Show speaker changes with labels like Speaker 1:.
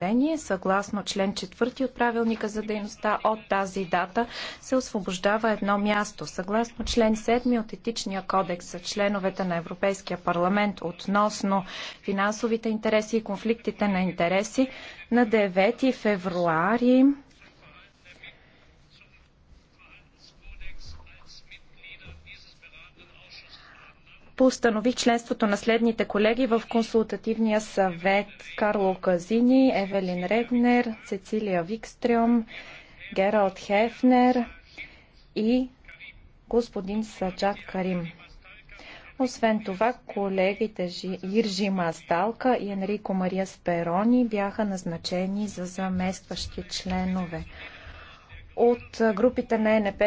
Speaker 1: определение, съгласно член 4 от правилника за дейността от тази дата се освобождава едно място. Съгласно член 7 от етичния кодекс за членовете на Европейския парламент относно финансовите интереси и конфликтите на интереси на 9 февруари поустанови членството на следните колеги в консултативния съвет Карло Казини, Евелин Регнер, Цецилия Викстрем, Гералд Хефнер и господин Саджат Карим. Освен това, колегите Иржи Масталка и Енрико Мария Сперони бяха назначени за заместващи членове. От групите на НП